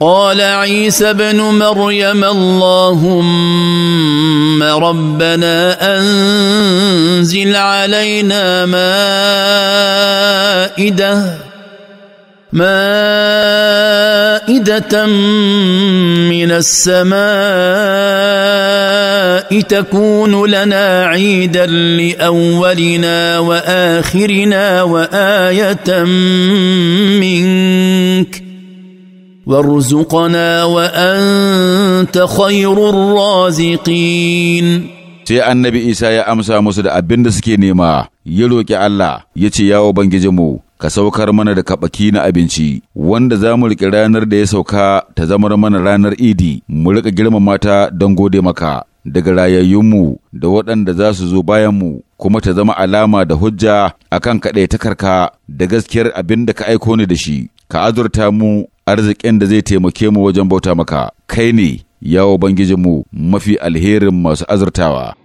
قال عيسى ابن مريم اللهم ربنا انزل علينا مائده مائده من السماء تكون لنا عيدا لاولنا واخرنا وايه وارزقنا وأنت خير الرازقين sai annabi isa ya amsa musu da abin da suke nema ya roƙi Allah ya ce ya ubangijinmu ka saukar mana da kaɓaki na abinci wanda za mu riƙe ranar da ya sauka ta zamar mana ranar idi mu riƙa girma mata don gode maka daga rayayyunmu da waɗanda za su zo bayanmu kuma ta zama alama da hujja a kan kaɗaitakarka da gaskiyar abin da ka aiko ni da shi, ka azurta mu arzikin da zai taimake mu wajen bauta maka, kai ne, ya Ubangijinmu mafi alherin masu azurtawa.